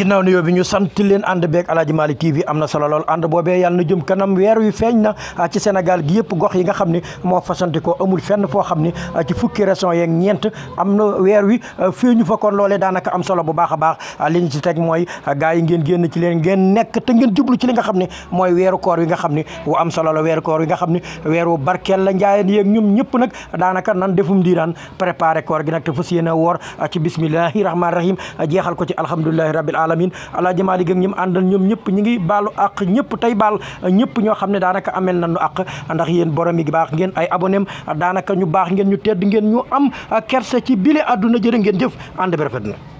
ginnaaw nuyoo bi ñu sant leen ànd beeg Aladji Malick TV am na solo lool ànd boobee yàlla na jëm kanam weer wi feeñ na ah, ci Sénégal gi yëpp gox yi nga xam ne moo fasanti ko amul fenn foo xam ne ah, ci fukki région yeeg ñeent am na weer wi ah, feeñu fa kon loolee daanaka am solo bu baax a baax li ñu ci teg mooy gars yi ngeen ci leen ngeen nekk te ngeen jublu ci li nga xam ne mooy weeru koor wi nga xam ne wu am solo la weeru koor wi nga xam ne weeru barkeel la njaayeen yéeg ñoom ñëpp nag daanaka nan defum diiraan préparé koor gi nag te fas yéene alamin alaaji Maalik gi ñim àndal ñoom ñëpp ñi ngi baalu àq ñëpp tey baal ñëpp ñoo xam ne daanaka amel nañu àq ndax yéen borom yi baax ngeen ay abonem daanaka ñu baax ngeen ñu tedd ngeen ñu am kersa ci bile àdduna jërë ngeen jëf ànd bi rafet na